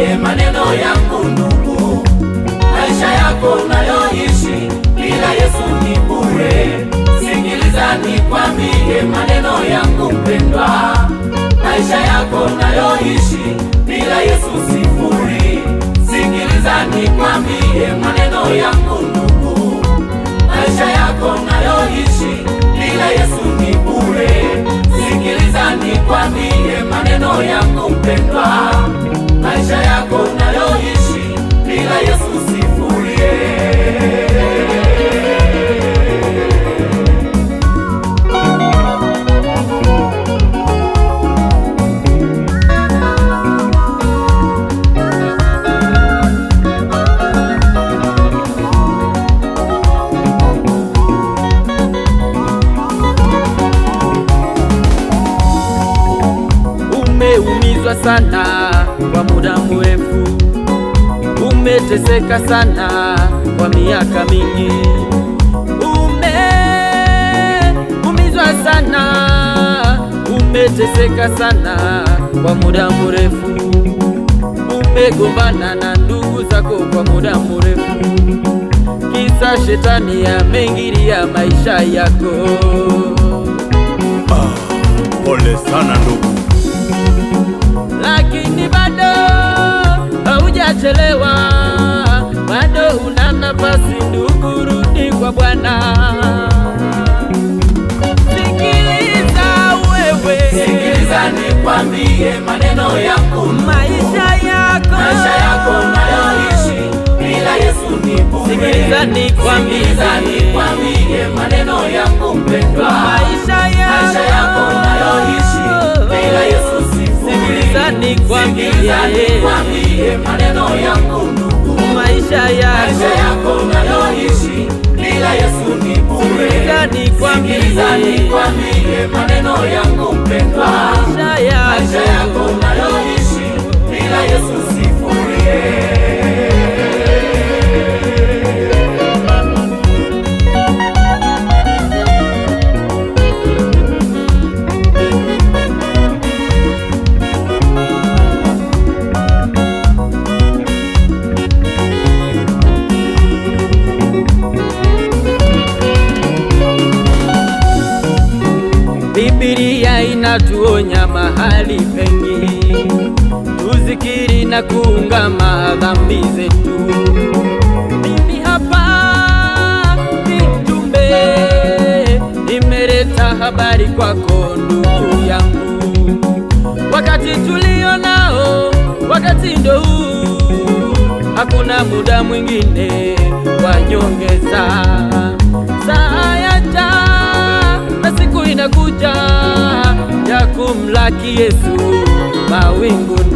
Yatie maneno yangu ndugu, maisha yako unayoishi bila Yesu ni bure. Sikiliza nikwambie maneno yangu mpendwa, maisha yako unayoishi bila Yesu sifuri. Sikiliza nikwambie maneno yangu ndugu, maisha yako unayoishi bila Yesu ni bure. Sikiliza nikwambie maneno yangu mpendwa sana kwa muda mrefu, umeteseka sana kwa miaka mingi, umeumizwa sana, umeteseka sana kwa muda mrefu, umegombana na ndugu zako kwa muda mrefu, kisa shetani ya ya maisha yako. Ah, pole sana ndugu. hujachelewa, bado una nafasi ndugu, rudi kwa Bwana. Sikiliza wewe, sikiliza nikwambie maneno ya yako, maisha yako, maisha yako unayoishi bila Yesu ni bure. Sikiliza nikwambie maneno ya mpendwa, maisha yako, maisha yako unayoishi bila Yesu si bure. Sikiliza nikwambie Niambie maneno yangu ndugu, maisha yako unayoishi bila Yesu ni bure. Sikilizani kwa maneno yangu mpendwa Biblia inatuonya mahali pengi tuzikiri na kuungama dhambi zetu. Mimi hapa Kitumbe nimeleta habari kwako ndugu yangu, wakati tulio nao, wakati ndo huu, hakuna muda mwingine wa nyongeza. kumlaki Yesu mawinguni.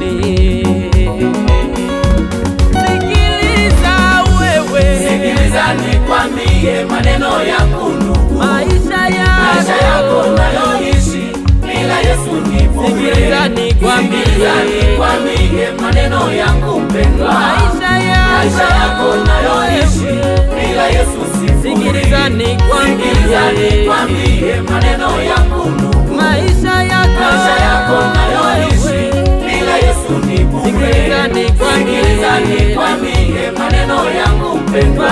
Sikiliza wewe, sikiliza nikwambie maneno ya ndugu, maisha ya yako nayoishi bila Yesu ni bure. Sikiliza nikwambie maneno yangu mpendwa, maisha ya yako nayoishi bila Yesu si bure. Sikiliza nikwambie maneno yangu Sikilizani kwani maneno yangu mpendwa